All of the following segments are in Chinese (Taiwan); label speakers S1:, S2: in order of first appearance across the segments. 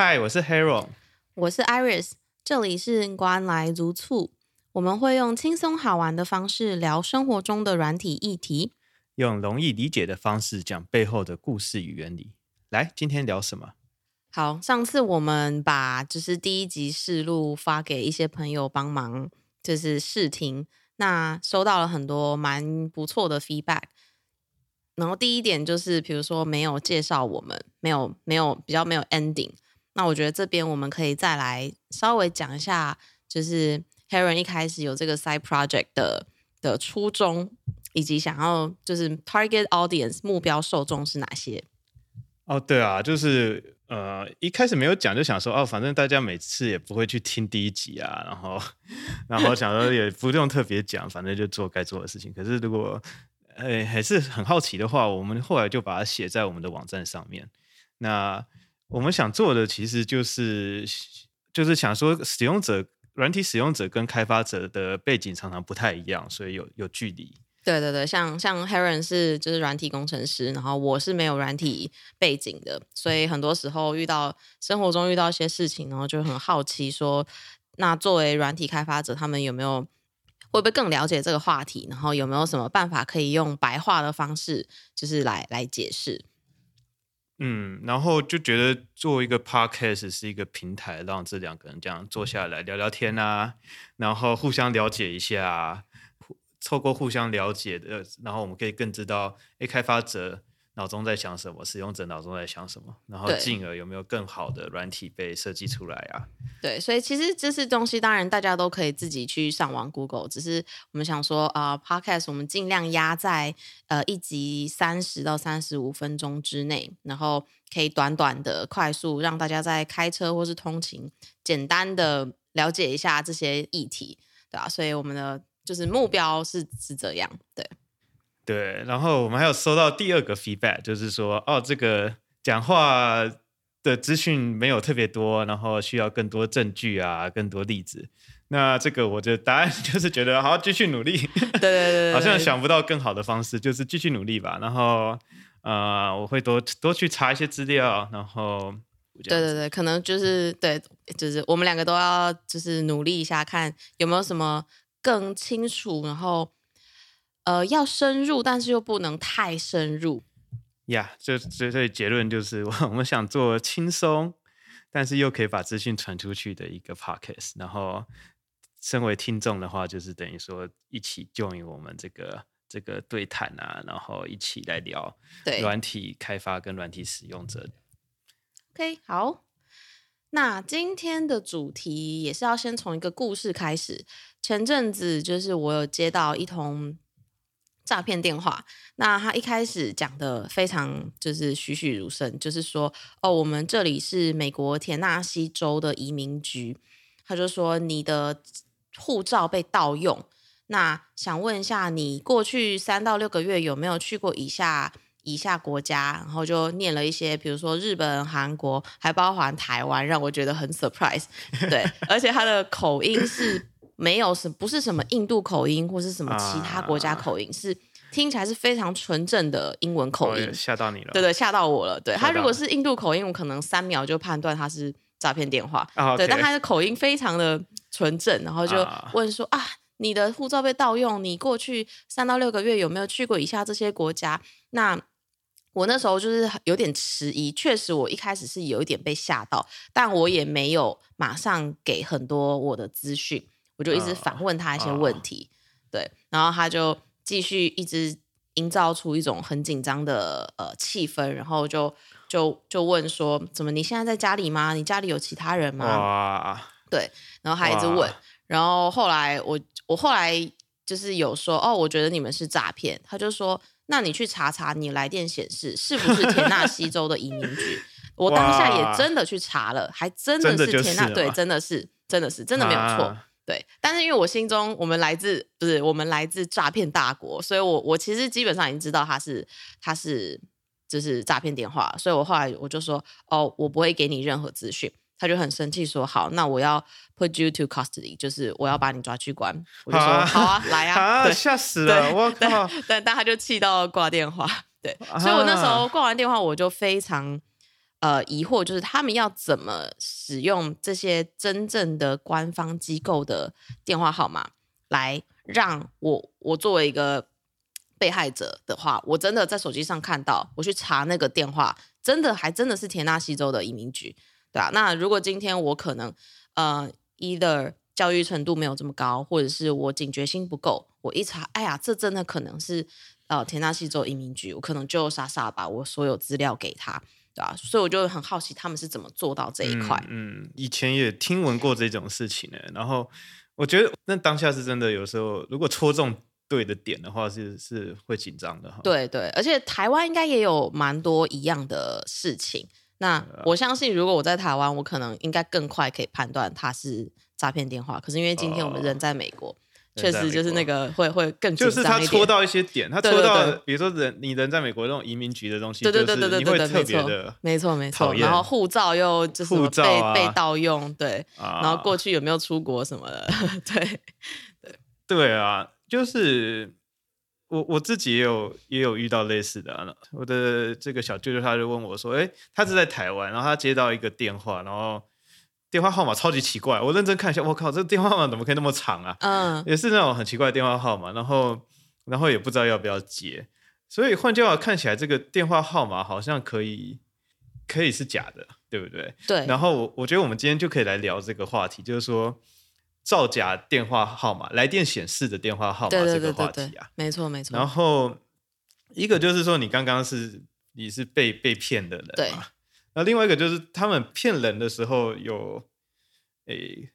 S1: 嗨，Hi, 我是 Heron。
S2: 我是 Iris，這裡是官來如醋，我們會用輕鬆好玩的方式聊生活中的軟體議題，
S1: 用容易理解的方式講背後的故事與原理。來，今天聊什麼？
S2: 好，上次我們把就是第一集試錄發給一些朋友幫忙，就是試聽，那收到了很多蠻不錯的 feedback，然後第一點就是，比如說沒有介紹我們，沒有沒有比較沒有 ending。那我覺得這邊我們可以再來稍微講一下，就是 Heron 一開始有這個 side project 的、的初衷，以及想要就是 target audience 目標受眾是哪些？
S1: 哦，對啊，就是呃一開始沒有講，就想說哦，反正大家每次也不會去聽第一集啊，然後然後想說也不用特別講， 反正就做該做的事情。可是如果、哎、還是很好奇的話，我們後來就把它寫在我們的網站上面。那。我們想做的其實就是就是想說，使用者、軟體使用者跟開發者的背景常常不太一樣，所以有有距離。
S2: 對對對，像像 Heron 是就是軟體工程師，然後我是沒有軟體背景的，所以很多時候遇到生活中遇到一些事情，然後就很好奇說，那作為軟體開發者，他們有沒有會不會更了解這個話題？然後有沒有什麼辦法可以用白話的方式，就是來來解釋？
S1: 嗯，然後就覺得做一個 podcast 是一個平台，讓這兩個人這樣坐下來聊聊天啊，然後互相了解一下啊，互，透過互相了解的，然後我們可以更知道，哎，開發者。腦中在想什麼？使用者腦中在想什麼？然後進而有沒有更好的軟體被設計出來啊？
S2: 對，所以其實這些東西，當然大家都可以自己去上網 Google。只是我們想說啊，呃，Podcast 我們盡量壓在呃一集三十到三十五分鐘之內，然後可以短短的、快速讓大家在開車或是通勤，簡單的了解一下這些議題，對吧，啊？所以我們的就是目標是是這樣，對。
S1: 對，然後我們還有收到第二個 feedback，就是說，哦，這個講話的資訊沒有特別多，然後需要更多證據啊，更多例子。那這個我覺得答案就是覺得，好，繼續努力。 對對對，對， 好像想不到更好的方式，就是繼續努力吧。然後，呃，我會多多去查一些資料。然後，
S2: 對對對，可能就是對，就是我們兩個都要就是努力一下，看有沒有什麼更清楚，然後。呃，要深入，但是又不能太深入。
S1: 呀，yeah，就所以結論就是，我我們想做輕鬆，但是又可以把資訊傳出去的一個 podcast。然後，身為聽眾的話，就是等於說一起 join 我們這個這個對談啊，然後一起來聊對軟體開發跟軟體使用者對。
S2: OK，好。那今天的主題也是要先從一個故事開始。前陣子就是我有接到一通。詐騙電話。那他一開始講得非常就是栩栩如生，就是說哦，我們這裡是美國田納西州的移民局。他就說你的護照被盜用，那想問一下你過去三到六個月有沒有去過以下以下國家？然後就念了一些，比如說日本、韓國，還包含台灣，讓我覺得很 surprise。對， 而且他的口音是。沒有什不是什麼印度口音，或是什麼其他國家口音，uh, 是聽起來是非常純正的英文口音。Oh, yeah,
S1: 嚇到你了？對對，
S2: 嚇到我了。對，他如果是印度口音，我可能三秒就判斷他是詐騙電話。Oh, okay. 對，但他的口音非常的純正，然後就問說，uh, 啊，你的護照被盜用，你過去三到六個月有沒有去過以下這些國家？那我那時候就是有點遲疑，確實我一開始是有一點被嚇到，但我也沒有馬上給很多我的資訊。我就一直反問他一些問題，啊、對，然後他就繼續一直營造出一種很緊張的呃氣氛，然後就就就問說：“怎麼你現在在家裡嗎？你家裡有其他人嗎？”哇對，然後他一直問，哇然後後來我我後來就是有說：“哦，我覺得你們是詐騙。”他就說：“那你去查查你來電顯示是不是田納西州的移民局？” 哇我當下也真的去查了，還真的是田納對，真的是真的是真的沒有錯。啊對，但是因為我心中，我們來自不是我們來自詐騙大國，所以我我其實基本上已經知道他是他是就是詐騙電話，所以我後來我就說哦，我不會給你任何資訊。他就很生氣說，好，那我要 put you to custody，就是我要把你抓去關。我就說啊好啊，來啊，啊對嚇死了，對我靠，但但他就氣到掛電話。對，啊、所以我那時候掛完電話，我就非常。呃，疑惑，就是他們要怎麼使用這些真正的官方機構的電話號碼來讓我，我作為一個被害者的話，我真的在手機上看到，我去查那個電話，真的還真的是田納西州的移民局，對啊。那如果今天我可能呃，一的教育程度沒有這麼高，或者是我警覺心不夠，我一查，哎呀，這真的可能是呃田納西州移民局，我可能就傻傻把我所有資料給他。所以我就很好奇他們是怎麼做到這一塊、嗯。嗯，
S1: 以前也聽聞過這種事情呢、欸。然後我覺得，那當下是真的，有時候如果戳中對的點的話是，是是會緊張的哈。
S2: 對，對對，而且台灣應該也有蠻多一樣的事情。那我相信，如果我在台灣，我可能應該更快可以判斷它是詐騙電話。可是因為今天我們人在美國。哦。確實就是那個會會更就是他戳到
S1: 一些點，他戳到對對對，比如說人你人在美國那種移民局的東西，對對對對對，會特別的沒錯，沒錯沒錯，然後護
S2: 照又就是被護照、啊、被盜用，對，然後過去有沒有出國什麼的，啊、 對
S1: 對，對啊，就是我我自己也有也有遇到類似的、啊，我的這個小舅舅他就問我說，哎、欸，他是在台灣，然後他接到一個電話，然後。電話號碼超級奇怪，我認真看一下，我靠，這個電話號碼怎麼可以那麼長啊？嗯，也是那種很奇怪的電話號碼，然後然後也不知道要不要接，所以換句話看起來，這個電話號碼好像可以可以是假的，對不對？對。然後我我覺得我們今天就可以來聊這個話題，就是說造假電話號碼、來電顯示的電話號碼這個話題
S2: 啊，沒錯沒錯。沒錯，然
S1: 後一個就是說，你剛剛是你是被被騙的人嘛，對。那另外一個就是他們騙人的時候有誒、欸、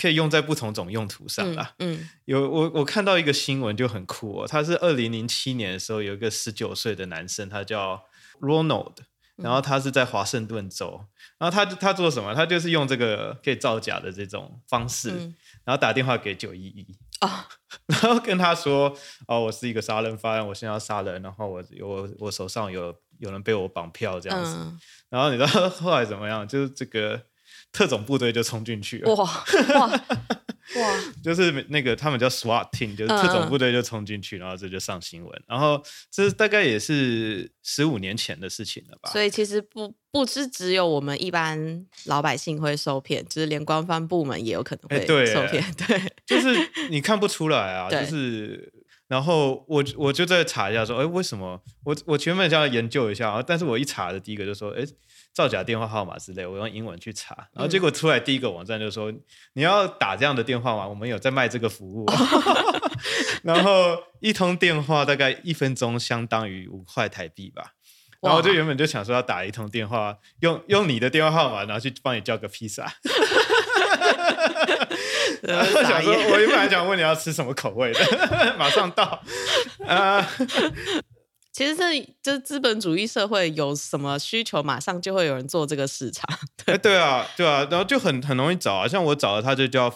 S1: 可以用在不同種用途上啦。嗯，嗯，有我我看到一個新聞就很酷哦，他是二零零七年的時候有一個十九歲的男生，他叫 Ronald，然後他是在華盛頓州，嗯、然後他他做什麼？他就是用這個可以造假的這種方式，嗯、然後打電話給九一一，然後跟他說：“哦，我是一個殺人犯，我現在要殺人，然後我我我手上有。”有人被我綁票這樣子，嗯、然後你知道後來怎麼樣？就是這個特種部隊就衝進去了，哇哇哇！哇 就是那個他們叫 SWAT team，就是特種部隊就衝進去，嗯、然後這就上新聞。然後這大概也是十五年前的事情了吧？
S2: 所以其實不不是只有我們一般老百姓會受騙，就是連官方部門也有可能會受騙。欸對欸，受騙
S1: 對， 就是你看不出來啊，對就是。然後我我就在查一下，說，哎，為什麼？我我原本想要研究一下啊，但是我一查的，第一個就說，哎，造假電話號碼之類，我用英文去查，然後結果出來第一個網站就說，嗯。你要打這樣的電話嗎？我們有在賣這個服務哦， 然後一通電話大概一分鐘相當於五塊台幣吧。哇然後我就原本就想說，要打一通電話，用用你的電話號碼，然後去幫你叫個披薩。
S2: 哈，然後想說我一本來
S1: 想問你要吃什麼口
S2: 味的， 馬上到。啊，其實這就是資本主義社會有什麼需求，馬上就會有人做這個市場。對，欸，對啊，對啊，
S1: 然後就很很容易找啊，像我找了他就叫。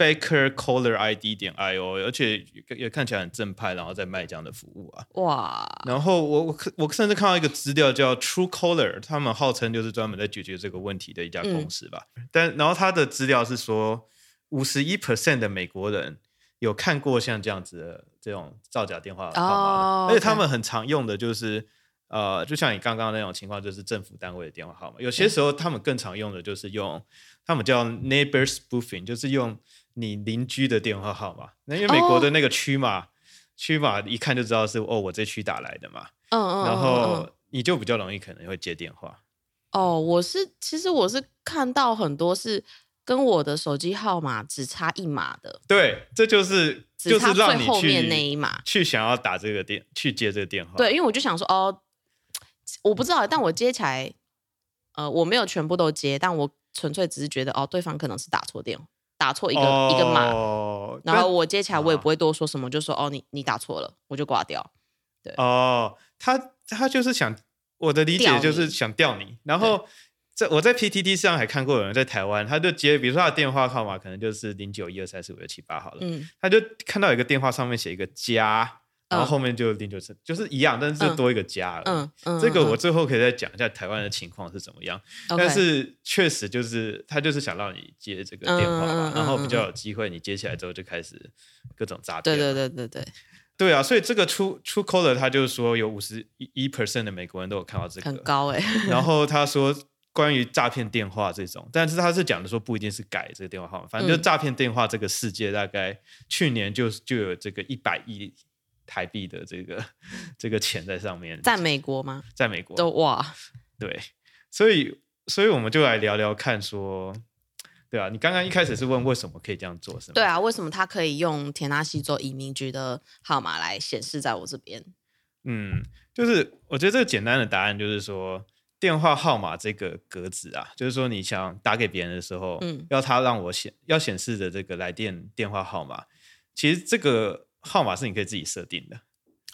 S1: Faker Caller ID 點 I O，而且也看起來很正派，然後在賣這樣的服務啊。哇！然後我我我甚至看到一個資料叫 True Caller，他們號稱就是專門在解決這個問題的一家公司吧。嗯、但然後他的資料是說，五十一 percent 的美國人有看過像這樣子的這種造假電話號碼，哦、
S2: 而且他們
S1: 很常用的就是、哦 okay、呃，就像你剛剛那種情況，就是政府單位的電話號碼。有些時候他們更常用的就是用、嗯、他們叫 Neighbor Spoofing，就是用你鄰居的電話號碼，
S2: 那因為美國的
S1: 那個區嘛，區碼、oh, 一看就知道是哦，我這區打來的嘛。嗯嗯，然後你就比較容易可能會接電話。
S2: 哦，oh, 我是其實我是看到很多是跟我的手機號碼只差一碼的。
S1: 對，這就是只差最後面就是讓你去那一碼去想要打這個電去接這個電話。
S2: 對，因為我就想說哦，我不知道，但我接起來，呃，我沒有全部都接，但我純粹只是覺得哦，對方可能是打錯電話。打錯一個、哦、一個碼，然後我接起來我也不會多說什麼，那就說哦，你你打錯了，我就掛掉。對哦，他他就是想，
S1: 我的理解就是想吊你，吊你然後對在我在 PTT 上還看過有人在台灣，他就接，比如說他的電話號碼可能就是零九一二三四五六七八好了，嗯、他就看到有一個電話上面寫一個加。然後後面就定就是，就是一樣，但是就多一個家了。嗯,嗯,
S2: 嗯這個我最
S1: 後可以再講一下台灣的情況是怎麼樣。嗯、但是確實就是他就是想讓你接這個電話嘛，嗯嗯嗯、然後比較有機會，你接起來之後就開始各種詐
S2: 騙。對,對對對對對，
S1: 對啊，所以這個出出 call 的，他就是說有五十一一 percent 的美國人都有看到這個很高哎、欸。然後他說關於詐騙電話這種，但是他是講的說不一定是改這個電話號碼，反正就是詐騙電話這個世界大概去年就就有這個一百億。台幣的這個這個錢在上面，
S2: 在美國嗎？
S1: 在美國。都
S2: 哇，
S1: 對，所以所以我們就來聊聊看，說，對啊，你剛剛一開始是問為什麼可以這樣做，是嗎？對
S2: 啊，為什麼他可以用田納西州移民局的號碼來顯示在我這邊？
S1: 嗯，就是我覺得這個簡單的答案就是說，電話號碼這個格子啊，就是說你想打給別人的時候，嗯，要他讓我顯要顯示的這個來電電話號碼，其實這個。號碼是你可以自己設定的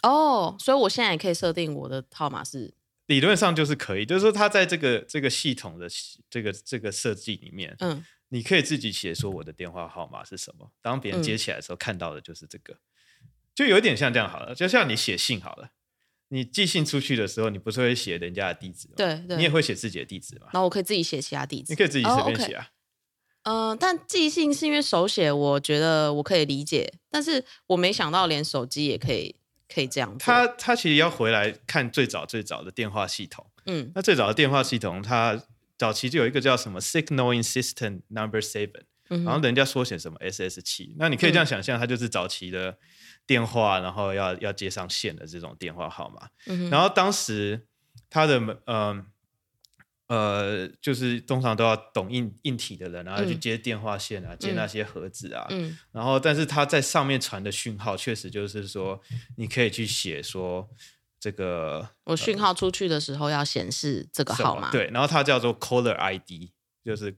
S2: 哦，oh, 所以我現在也可以設定我的號碼是。
S1: 理論上就是可以，就是說它在這個這個系統的這個這個設計裡面，嗯，你可以自己寫說我的電話號碼是什麼，當別人接起來的時候看到的就是這個，嗯、就有點像這樣好了，就像你寫信好了，你寄信出去的時候，你不是會寫人家的地址嗎？對，對，對，你也會寫自己的地址嘛，
S2: 然後我可以自己寫其他地址，你可以自己隨便寫，啊。Oh, okay 嗯、呃，但寄信是因為手寫，我覺得我可以理解，但是我沒想到連手機也可以可以這樣。他
S1: 他其實要回來看最早最早的電話系統，嗯，那最早的電話系統，他早期就有一個叫什麼 Signaling System Number Seven，然後人家縮寫什麼 SS 七，嗯哼，那你可以這樣想象它就是早期的電話，然後要要接上線的這種電話號碼，嗯、哼然後當時他的嗯。呃呃，就是通常都要懂硬硬體的人，然後去接電話線啊，嗯、接那些盒子啊。嗯。嗯，然後，但是他在上面傳的訊號，確實就是說，你可以去寫說這個，
S2: 我訊號出去的時候要顯示這個號碼。呃、對。
S1: 然後它叫做 Caller ID，就是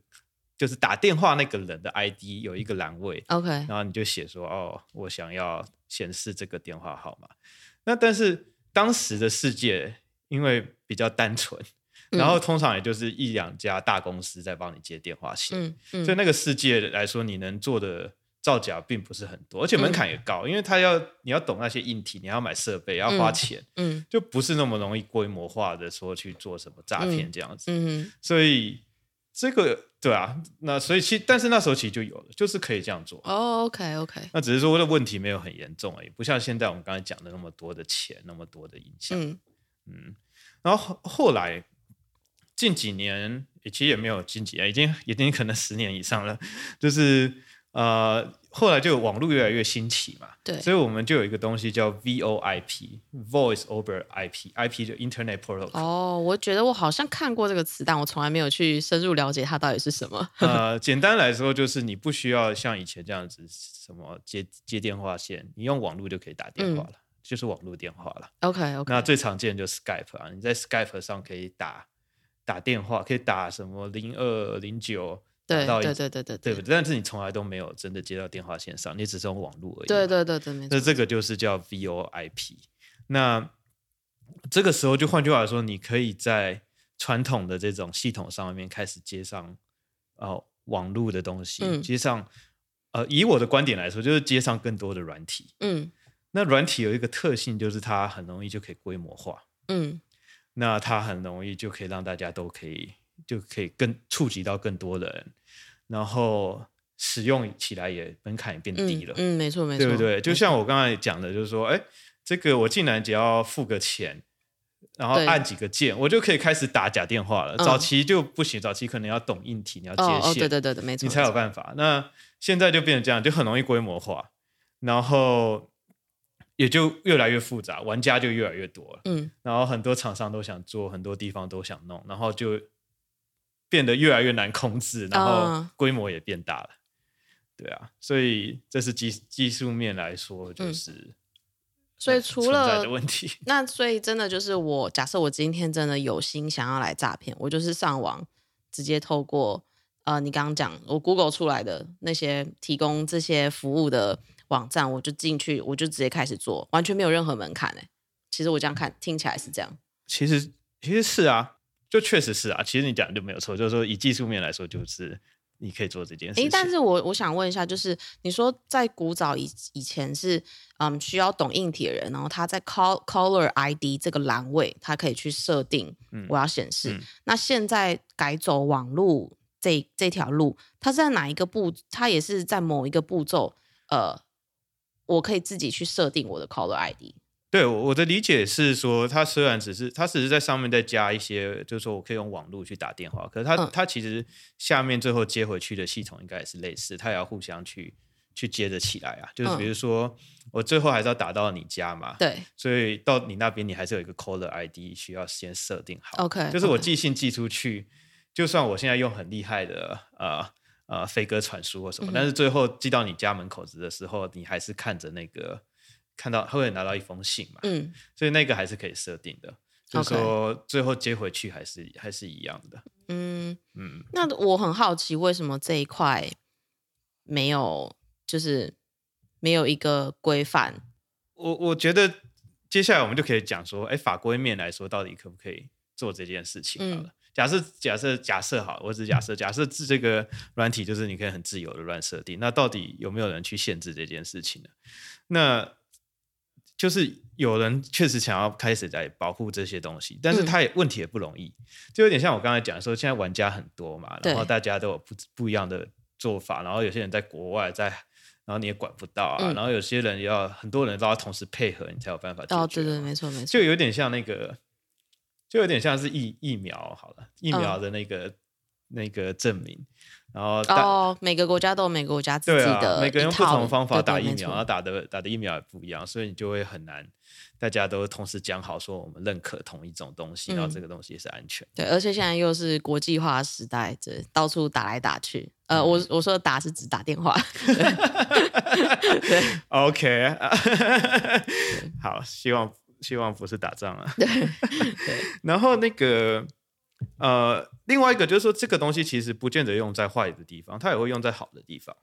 S1: 就是打電話那個人的 ID 有一個欄位。OK。然後你就寫說，哦，我想要顯示這個電話號碼。那但是當時的世界因為比較單純。然後通常也就是一兩家大公司在幫你接電話線，嗯嗯、所以那個世界來說，你能做的造假並不是很多，而且門檻也高，嗯、因為他要你要懂那些硬體，你要買設備，嗯、要花錢，嗯、就不是那麼容易規模化的說去做什麼詐騙這樣子，嗯嗯、所以這個對啊，那所以其但是那時候其實就有了，就是可以這樣做，
S2: 哦，OK OK，
S1: 那只是說這問題沒有很嚴重而已，不像現在我們剛才講的那麼多的錢，那麼多的影響，嗯，嗯，然後後來。近幾年也其實也沒有近幾年，已經已經可能十年以上了。就是呃，後來就有網絡越來越興起嘛，對，所以我們就有一個東西叫 VoIP，Voice over IP，IP IP 就 Internet Protocol，Oh。
S2: 哦，我覺得我好像看過這個詞，但我從來沒有去深入了解它到底是什麼。
S1: 呃，簡單來說就是你不需要像以前這樣子什麼接接電話線，你用網絡就可以打電話了，嗯、就是網絡電話了。OK OK，那最常見的就是 Skype 啊，你在 Skype 上可以打。打電話可以打什麼零二零九，對對對對對對，對，但是你從來都沒有真的接到電話線上，你只是用網絡而已。對
S2: 對對，那
S1: 這個就是叫 VoIP。那這個時候，就換句話說，你可以在傳統的這種系統上面開始接上、呃、網絡的東西，接上、嗯、呃以我的觀點來說，就是接上更多的軟體。嗯，那軟體有一個特性，就是它很容易就可以規模化。嗯。那它很容易就可以讓大家都可以，就可以更觸及到更多人，然後使用起來也門檻也變低了。嗯，嗯，沒錯
S2: 沒錯，對不對？就
S1: 像我剛才講的，就是說，哎錯，這個我進來只要付個錢，然後按幾個鍵，對我就可以開始打假電話了。哦、早期就不行，早期可能要懂硬體，你要接線，哦哦、對對對對，沒錯，你才有辦法。錯那現在就變成這樣，就很容易規模化，然後。也就越來越複雜，玩家就越來越多了。嗯，然後很多廠商都想做，很多地方都想弄，然後就變得越來越難控制，然後規模也變大了。嗯、對啊，所以這是技技術面來說，
S2: 就是、嗯。所以除了、呃、存在的問題，那所以真的就是我，我假設我今天真的有心想要來詐騙，我就是上網直接透過呃，你剛剛講我 Google 出來的那些提供這些服務的。網站我就進去，我就直接開始做，完全沒有任何門檻哎。其實我這樣看，聽起來是這樣，
S1: 其實其實是啊，就確實是啊。其實你講的就沒有錯，就是說以技術面來說，就是你可以做這件事情。欸。但是
S2: 我我想問一下，就是你說在古早以，以前是嗯，需要懂硬體的人，然後他在 Caller ID 這個欄位，他可以去設定我要顯示。嗯嗯、那現在改走網路這這條路，它是在哪一個步？它也是在某一個步驟呃。我可以自己去設定我的 caller ID。
S1: 對，我的理解是說，它雖然只是它只是在上面再加一些，就是說我可以用網絡去打電話，可是它、嗯、它其實下面最後接回去的系統應該也是類似，它也要互相去去接着起來啊。就是比如說、嗯、我最後還是要打到你家嘛，對，所以到你那邊你還是有一個 caller ID 需要先設定
S2: 好。OK，就是我寄
S1: 信寄出去，Okay. 就算我現在用很厲害的啊。呃呃，飛鴿傳書或什麼，但是最後寄到你家門口子的時候，嗯、哼你還是看着那個，看到會拿到一封信嘛，嗯，所以那個還是可以設定的，就是、說最後接回去還是 Okay 還是一樣的，
S2: 嗯嗯。嗯，那我很好奇，為什麼這一塊沒有就是沒有一個規範？
S1: 我我覺得接下來我們就可以講說，哎、欸，法規面來說，到底可不可以做這件事情？好了。嗯假設假設假設好，我只是假設，假設這這個軟體就是你可以很自由的亂設定，那到底有沒有人去限制這件事情呢？那就是有人確實想要開始在保護這些東西，但是他也問題也不容易，嗯、就有點像我剛才講說，現在玩家很多嘛，然後大家都有不不一樣的做法，然後有些人在國外在，在然後你也管不到啊，嗯、然後有些人要很多人都要同時配合，你才有辦法哦，
S2: 對，對，沒錯，沒
S1: 錯，就有點像那個。就有點像是疫疫苗好了，疫苗的那個、嗯、那個證明，然後、
S2: 哦、每個國家都有每個國家自己的、啊，每個人不同的方法打疫苗，對對對，然
S1: 後打的打的疫苗也不一樣，所以你就會很難，大家都同時講好說我們認可同一種東西，嗯、然後這個東西也是安全。
S2: 對，而且現在又是國際化時代，這到處打來打去，呃，嗯、我我說的打是指打電話，OK，
S1: 好，希望。希望不是打仗啊。對，
S2: 對，
S1: 然後那個呃，另外一個就是說，這個東西其實不見得用在壞的地方，它也會用在好的地方。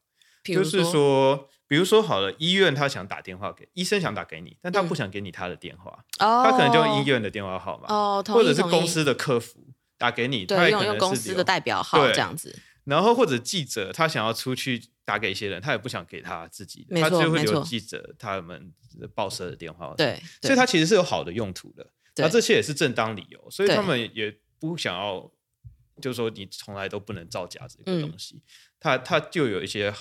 S2: 比如就是說，
S1: 比如說好了，醫院他想打電話給醫生，想打給你，但他不想給你他的電話，
S2: 嗯、他可能就用醫
S1: 院的電話號碼，哦，或者是公司的客服打給你，他也用用公司的代表號這樣子。然後或者記者他想要出去打給一些人，他也不想給他自己的，錯他就會留記者他們報社的電話。對錯，所以他其實是有好的用途的。那對這些也是正當理由，所以他們也不想要，對就是說你從來都不能造假這個東西。嗯、他他就有一些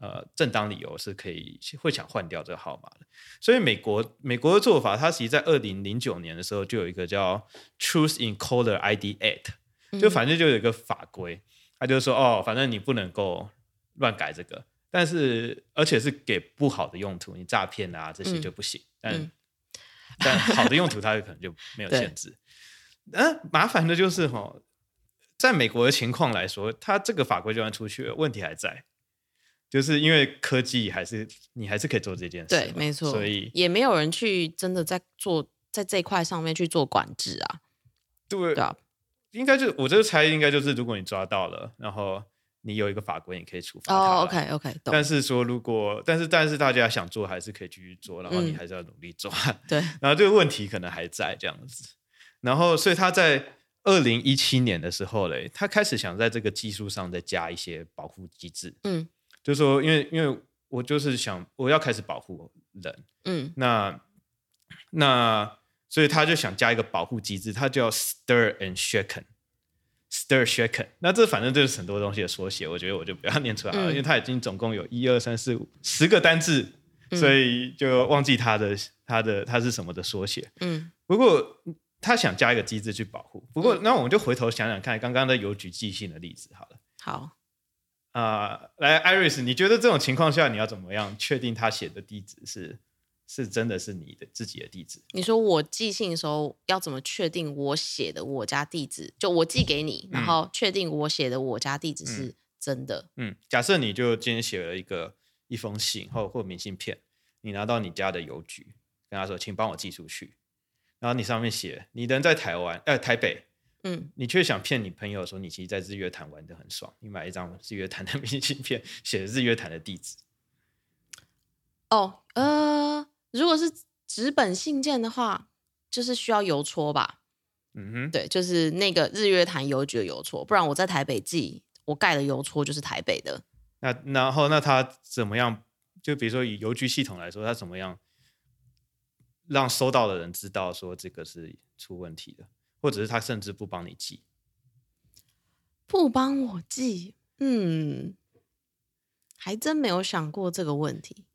S1: 呃正當理由是可以會想換掉這個號碼的。所以美國美國的做法，它其實，在二零零九年的時候就有一個叫 Truth in Caller ID Act 就反正就有一個法規。嗯他就說哦，反正你不能夠亂改這個，但是而且是給不好的用途，你詐騙啊這些就不行。嗯、但、嗯、但好的用途，它可能就沒有限制。嗯 對、啊，麻煩的就是吼，在美國的情況來說，它這個法規就算出去了，問題還在，就是因為科技還是你還是可以做這件事，對，沒錯，所以也
S2: 沒有人去真的在做在這一塊上面去做管制啊。對，對啊
S1: 應該就我這個猜，應該就是如果你抓到了，然後你有一個法規，你可以處罰他。
S2: 哦，OK，OK，懂。但
S1: 是說，如果但是但是大家想做，還是可以繼續做，然後你還是要努力抓。嗯、對。然後這個問題可能還在這樣子。然後，所以他在二零一七年的時候嘞，他開始想在這個技術上再加一些保護機制。嗯。就是說，因為因為我就是想我要開始保護人。嗯。那那。那所以他就想加一個保護機制，他叫 Stir and shaken，Stir shaken。那這反正就是很多東西的縮寫，我覺得我就不要念出來了，嗯、因為他已經總共有一二三四五十個單字，嗯、所以就忘記他的他的他是什麼的縮寫。嗯，不過他想加一個機制去保護。不過、嗯、那我們就回頭想想看，剛剛的郵局寄信的例子，好了。好，啊、呃，來，Iris，你覺得這種情況下你要怎麼樣確定他寫的地址是？是真的是你的自己的地址？
S2: 你說我寄信的時候要怎麼確定我寫的我家地址？就我寄給你，嗯、然後確定我寫的我家地址是真的？
S1: 嗯，假設你就今天寫了一個一封信或或明信片，你拿到你家的郵局，跟他說請幫我寄出去，然後你上面寫你人在台灣，呃台北，
S2: 嗯，
S1: 你卻想騙你朋友說你其實在日月潭玩得很爽，你買一張日月潭的明信片，寫日月潭的地址。
S2: 哦，嗯、呃。如果是紙本信件的話，就是需要郵戳吧？嗯哼，對，就是那個日月潭郵局的郵戳。不然我在台北寄，我蓋的郵戳就是台北的。
S1: 那然後，那他怎麼樣？就比如說以郵局系統來說，他怎麼樣讓收到的人知道說這個是出問題的，或者是他甚至不幫你寄？
S2: 不幫我寄？嗯，還真沒有想過這個問題。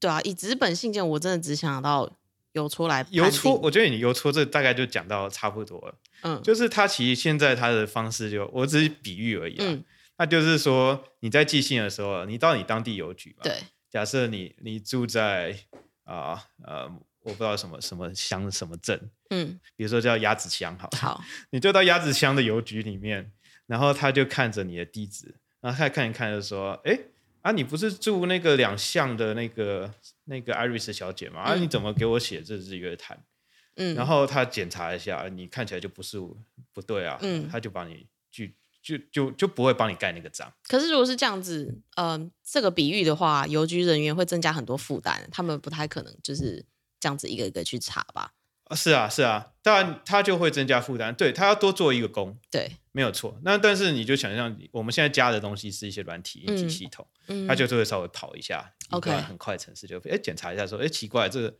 S2: 對啊，以紙本信件，我真的只想到郵戳來。郵戳，
S1: 我覺得你郵戳這大概就講到差不多了。嗯，就是他其實現在他的方式就，我只是比喻而已。嗯，那就是說你在寄信的時候，你到你當地郵局嘛。對。假設你你住在啊呃，呃，我不知道什麼什麼鄉什麼鎮。嗯。比如說叫鴨子鄉，好。好。你就到鴨子鄉的郵局裡面，然後他就看着你的地址，然後他看一看就說：“哎。”啊，你不是住那個兩巷的那個那個艾瑞斯小姐嗎？啊，你怎麼給我寫這日月潭？嗯，然後他檢查一下，你看起來就不是不對啊，嗯，他就幫你去，就就就不會幫你蓋那個章。
S2: 可是如果是這樣子，嗯、呃，這個比喻的話，郵局人員會增加很多負擔，他們不太可能就是這樣子一個一個去查吧。
S1: 是啊，是啊，當然，他就會增加負擔，對，他要多做一個工，對，沒有錯。那但是你就想象，我們現在加的東西是一些軟體應急系統，他、嗯、就是會稍微跑一下，OK，嗯、很快，程式，就哎 Okay。檢查一下說，說哎奇怪，這個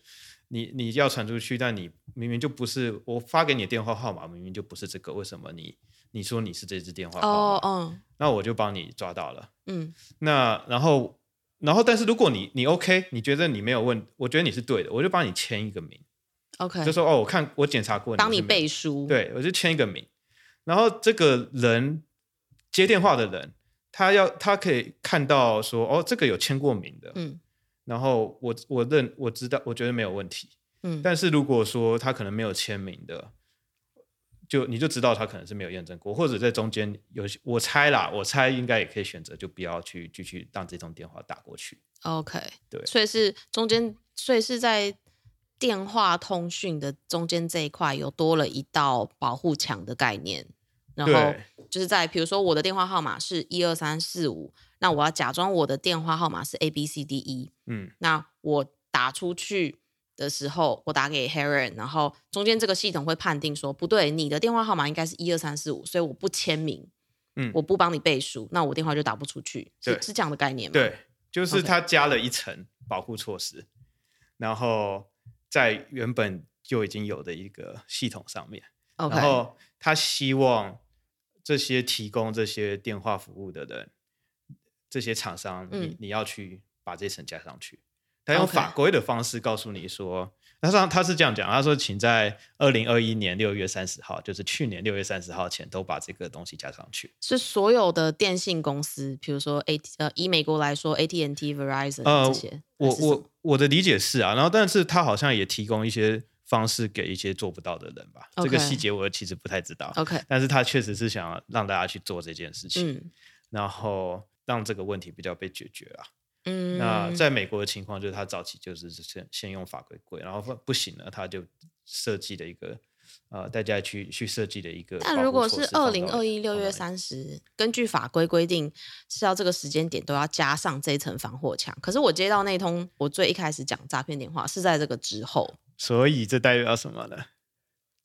S1: 你你要傳出去，但你明明就不是我發給你的電話號碼，明明就不是這個，為什麼你你說你是這支電話號碼？哦哦，那我就幫你抓到了，嗯，那然後然後，然後但是如果你你 OK，你覺得你沒有問，我覺得你是對的，我就幫你簽一個名。OK，就說哦，我看我檢查過，你當你背書，對，我就簽一個名，然後這個人接電話的人，他要他可以看到說哦，這個有簽過名的，嗯，然後我我認我知道，我覺得沒有問題，嗯，但是如果說他可能沒有簽名的，就你就知道他可能是沒有驗證過，或者在中間有我猜啦，我猜應該也可以選擇就不要去繼續當這種電話打過去
S2: ，OK，對，所以是中間，嗯，所以是在。電話通訊的中間這一塊有多了一道保護牆的概念，然後就是在比對如說我的電話號碼是一二三四五，那我要假裝我的電話號碼是 A B C D E，嗯，那我打出去的時候，我打給 Haron，然後中間這個系統會判定說不對，你的電話號碼應該是一二三四五，所以我不簽名，嗯，我不幫你背書，那我電話就打不出去，對是是這樣的概念嗎？對，就是它加了一
S1: 層保護措施，okay, 對然後。在原本就已經有的一個系統上面，Okay 然後他希望這些提供這些電話服務的人，這些廠商，嗯、你你要去把這層加上去。他用法規的方式告訴你說，他說 Okay. 他是這樣講，他說，請在二零二一年六月三十號，就是去年六月三十號前，都把這個東西加上去。
S2: 是所有的電信公司，比如說 AT，呃，以美國來說，AT&T、AT T, Verizon 這些。呃、我我
S1: 我的理解是啊，然後但是他好像也提供一些方式給一些做不到的人吧。Okay. 這個細節我其實不太知道。OK，但是他確實是想讓大家去做這件事情，嗯、然後讓這個問題比較被解決啊。嗯，那在美國的情況就是，他早期就是先先用法規規，然後不不行了，他就設計了一個，呃，帶大家去去設計的一個。但如果是二零二
S2: 一六月三十，根據法規規定是要這個時間點都要加上這一層防火牆。可是我接到那通我最一開始講詐騙電話是在這個之後，所
S1: 以這代表什麼呢？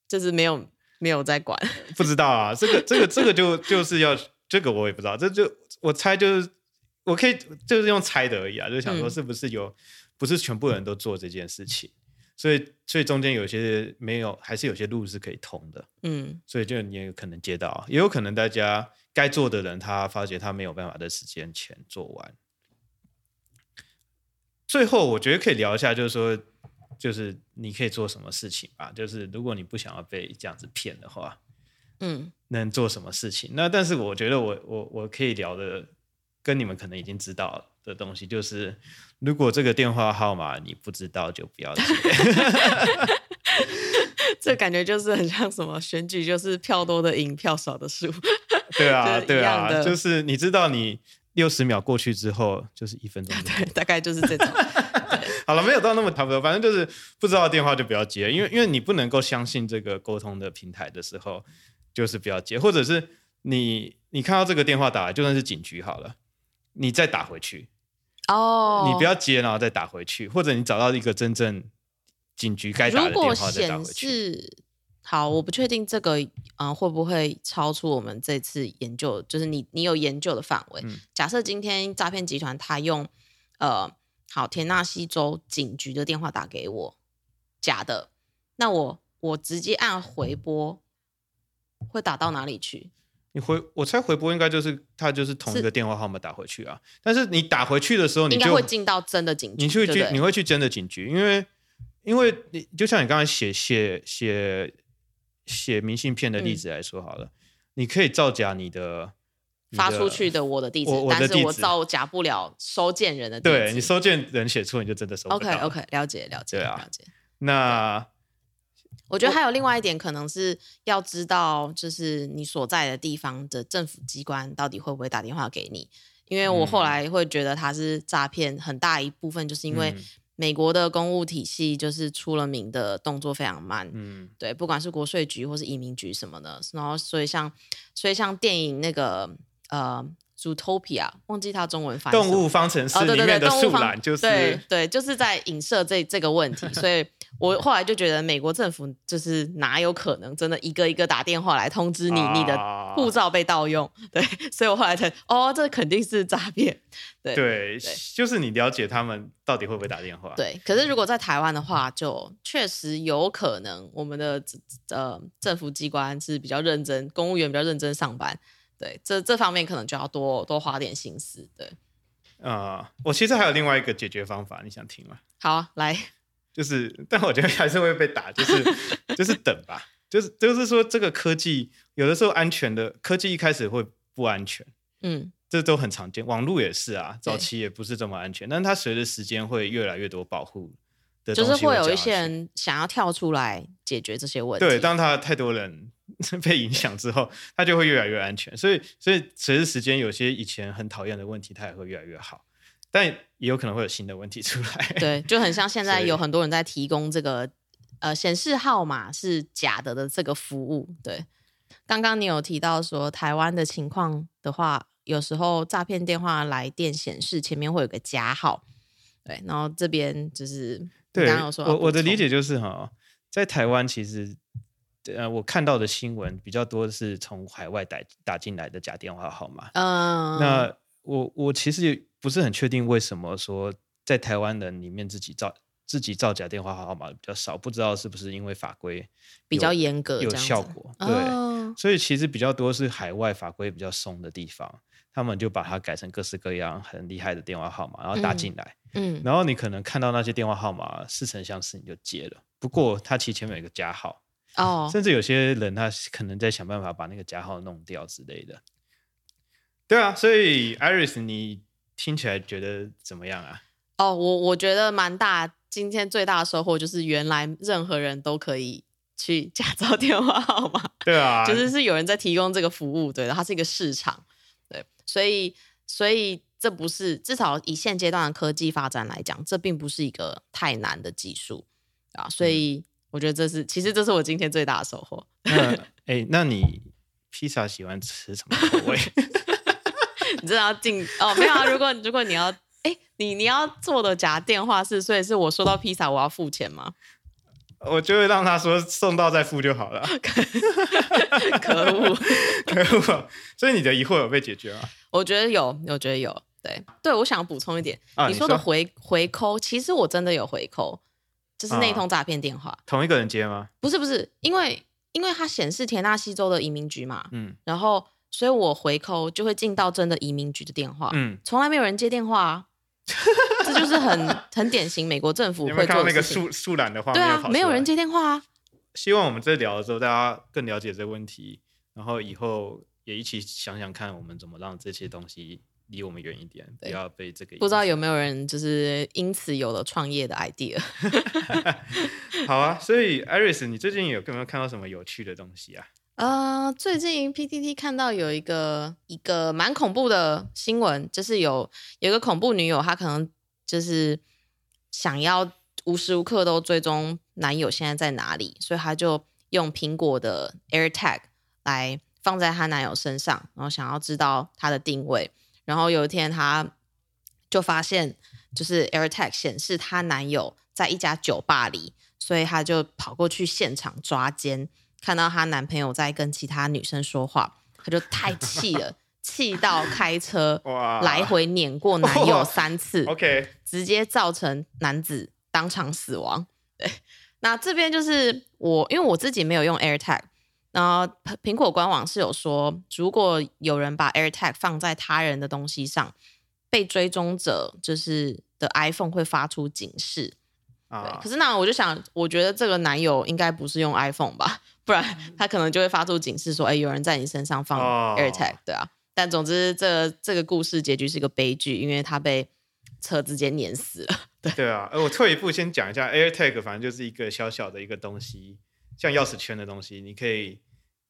S2: 就是沒有沒有在管，
S1: 不知道啊。這個這個這個就就是要這個我也不知道，這就我猜就是。我可以就是用猜的而已啊，就想說是不是有、嗯、不是全部人都做這件事情，所以所以中間有些沒有，還是有些路是可以通的，嗯，所以就你也有可能接到，也有可能大家該做的人他發覺他沒有辦法在時間前做完。最後我覺得可以聊一下，就是說，就是你可以做什麼事情吧，就是如果你不想要被這樣子騙的話，嗯，能做什麼事情？那但是我覺得我我我可以聊的。跟你們可能已經知道的東西，就是如果這個電話號碼你不知道，就不要接。
S2: 這感覺就是很像什麼選舉，就是票多的贏，票少的輸。
S1: 的對啊，對啊，就是你知道，你六十秒過去之後就是一分鐘、
S2: 鐘。對，大概就是這種。
S1: 好了，沒有到那麼差的，反正就是不知道電話就不要接，因為因為你不能夠相信這個溝通的平台的時候，就是不要接，或者是你你看到這個電話打來，就算是警局好了。你再打回去，
S2: 哦，oh, 你不要
S1: 接，然後再打回去，或者你找到一個真正警局該打的電話再
S2: 打回去。好，我不確定這個，嗯、呃，會不會超出我們這次研究？就是你，你有研究的範圍。嗯、假設今天詐騙集團他用，呃，好，田納西州警局的電話打給我，假的，那我我直接按回撥，會打到哪裡去？
S1: 你回，我猜回撥應該就是他就是同一個電話號碼打回去啊。是但是你打回去的時候，你就會進
S2: 到真的警局。你會去，對對你
S1: 會去真的警局，因為因為你就像你剛才寫寫寫寫，寫明信片的例子來說好了，嗯、你可以造假你的，你的
S2: 發出去的我的地址，地址但是我造假不了收件人的地址。對，
S1: 你收件人寫錯，你就真的收不
S2: 到。OK OK，了解了解啊。了解
S1: 那。Okay.
S2: 我,我覺得還有另外一點，可能是要知道，就是你所在的地方的政府機關到底會不會打電話給你？因為我後來會覺得它是詐騙很大一部分，就是因為美國的公務體系就是出了名的動作非常慢。嗯，對，不管是國稅局或是移民局什麼的，然後所以像，所以像電影那個呃《Zootopia》，忘記它中文翻動物方程式裡面的樹懶，就是、哦、對對,對,對,對，就是在影射這這個問題，所以。 我後來就覺得美國政府就是哪有可能真的一個一個打電話來通知你、啊、你的護照被盜用，對，所以我後來才哦，這肯定是詐騙，對
S1: 對，對就是你了解他們到底會不會打電話，對。
S2: 可是如果在台灣的話，就確實有可能我們的呃政府機關是比較認真，公務員比較認真上班，對，這這方面可能就要多多花點心思，對。啊、
S1: 呃，我其實還有另外一個解決方法，你想聽嗎？
S2: 好，來。
S1: 就是，但我覺得還是會被打，就是就是等吧， 就是就是說，這個科技有的時候安全的科技一開始會不安全，嗯，這都很常見，網絡也是啊，早期也不是這麼安全，對但它隨着時間會越來越多保護。就是會有一些
S2: 人想要跳出來解決這些
S1: 問題。對，當它太多人被影響之後，對它就會越來越安全，所以所以隨着時間，有些以前很討厭的問題，它也會越來越好。但也有可能會有新的問題出來。
S2: 對，就很像現在有很多人在提供這個，以呃，顯示號碼是假的的這個服務。對，剛剛你有提到說台灣的情況的話，有時候詐騙電話來電顯示前面會有個加號。對，然後這邊就是剛剛有說，對，我我的
S1: 理解就是哈，在台灣其實，呃，我看到的新聞比較多是從海外打打進來的假電話號碼。嗯、呃，那。我我其實也不是很確定為什麼說在台灣人裡面自己造自己造假電話號碼比較少，不知道是不是因為法規
S2: 比較嚴格，有效果、哦、對，
S1: 所以其實比較多是海外法規比較鬆的地方，他們就把它改成各式各樣很厲害的電話號碼，然後打進來，嗯嗯、然後你可能看到那些電話號碼似曾相識，事成像是你就接了。不過它其實前面有個加號，哦、甚至有些人他可能在想辦法把那個加號弄掉之類的。對啊，所以 Iris，你聽起來覺得怎麼樣啊？
S2: 哦，我我覺得蠻大。今天最大的收穫就是，原來任何人都可以去假造電話號碼。對啊，就是是有人在提供這個服務。對，它是一個市場。對，所以所以這不是，至少以現階段的科技發展來講，這並不是一個太難的技術對啊。所以我覺得這是，嗯、其實這是我今天最大的收穫。那
S1: 哎，那你披薩喜歡吃什麼口味？
S2: 你知道進哦沒有啊？如果如果你要哎、 欸，你你要做的假電話是，所以是我收到披薩我要付錢嗎？
S1: 我就會讓他說送到再付就好了。可惡可惡、喔！所以你的疑惑有被解決嗎？
S2: 我覺得有，我覺得有。對對，我想補充一點，啊、你，說你說的回回扣，其實我真的有回扣，
S1: 就是那一通詐騙電話、啊，同一個人接嗎？
S2: 不是不是，因為因為它顯示田納西州的移民局嘛，嗯，然後。所以我回扣就會進到真的移民局的電話，嗯，從來沒有人接電話。啊， 這就是很很典型美國政府會做，你有有看到那個樹
S1: 樹懶的話，對啊，沒有人接電話啊。希望我們在聊的時候，大家更了解這個問題，然後以後也一起想想看，我們怎麼讓這些東西離我們遠一點，不對要被這個。不知道有沒
S2: 有人就是因此有了創業的 idea。
S1: 好啊，所以 Aris，你最近有有沒有看到什麼有趣的東西啊？
S2: 呃，uh, 最近 PTT 看到有一個一個蠻恐怖的新聞，就是有有個恐怖女友，她可能就是想要無時無刻都追蹤男友現在在哪裡，所以她就用蘋果的 AirTag 來放在她男友身上，然後想要知道他的定位。然後有一天她就發現，就是 AirTag 顯示她男友在一家酒吧裡，所以她就跑過去現場抓奸。看到她男朋友在跟其他女生說話，她就太氣了， 氣到開車來回碾過男友三次，Wow. Oh.，OK，直接造成男子當場死亡。對，那這邊就是我，因為我自己沒有用 AirTag，然後蘋果官網是有說，如果有人把 AirTag 放在他人的東西上，被追蹤者就是的 iPhone 會發出警示。Uh. 對。可是那我就想，我覺得這個男友應該不是用 iPhone 吧？不然他可能就會發出警示說：“哎，有人在你身上放 AirTag，oh. 對啊。”但總之，這這個故事結局是一個悲劇，因為他被車直接碾死了。
S1: 對啊。我退一步先講一下 AirTag，反正就是一個小小的一個東西，像鑰匙圈的東西，你可以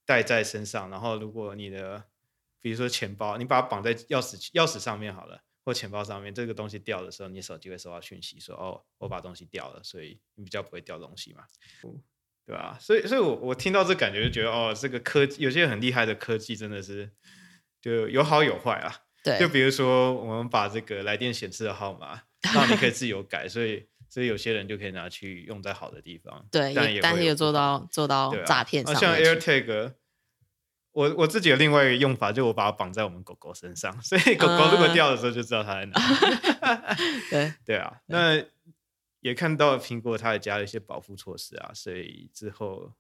S1: 帶在身上。然後，如果你的，比如說錢包，你把它綁在鑰匙鑰匙上面好了，或錢包上面，這個東西掉的時候，你手機會收到訊息說：“哦，我把東西掉了。”所以你比較不會掉東西嘛。對啊，所以，所以我，我我聽到這感覺就覺得，哦，這個科技有些很厲害的科技，真的是就有好有壞啊。對，就比如說，我們把這個來電顯示的號碼，那你可以自由改， 所以，所以有些人就可以拿去用在好的地方。對，但也但是有但
S2: 做到做到詐騙上、啊、像 AirTag，
S1: 去我我自己有另外一個用法，就我把它綁在我們狗狗身上，所以狗狗如果掉的時候就知道它在哪。呃、 對對啊，那。也看到蘋果，它也加了一些保護措施啊，所以之後，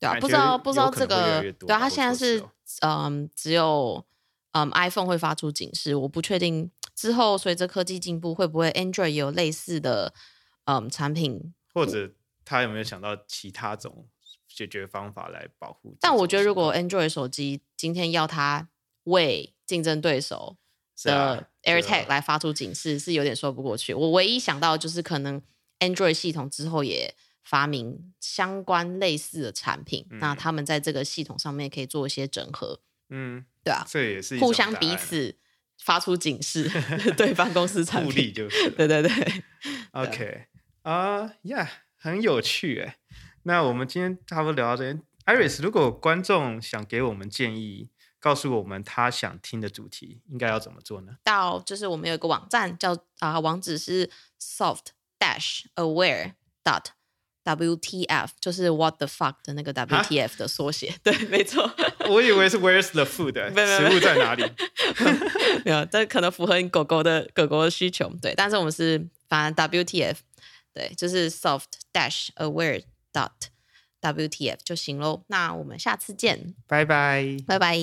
S1: 對啊，不知道不知道這個，對啊，它現在
S2: 是嗯，只有嗯 iPhone 會發出警示，我不確定之後隨着科技進步會不會 Android 也有類似的嗯產品，
S1: 或者他有沒有想到其他種解決方法來保
S2: 護？但我覺得如果 Android 手機今天要它為競爭對手。的 AirTag、啊啊、來發出警示是有點說不過去。我唯一想到就是可能 Android 系統之後也發明相關類似的產品，嗯、那他們在這個系統上面可以做一些整合。
S1: 嗯，
S2: 對啊，這也是互相彼此發出警示， 對方公司產品，互利就是。 對對
S1: 對，OK，啊呀，很有趣哎。那我們今天差不多聊到這邊，Iris，如果觀眾想給我們建議。告訴我們他想聽的主題應該要怎麼做呢？
S2: 到就是我們有一個網站叫啊，網址是 soft dash aware dot w t f，就是 what the fuck 的那個 w t f 的縮寫。蛤
S1: 對，沒錯。我以為是 where's the food， 欸、食物在哪裡？
S2: 沒有，這可能符合你狗狗的狗狗的需求。對，但是我們是反正 w t f，對，就是 soft dash aware dot。WTF 就行嘍，那我們下次見，拜拜，拜拜。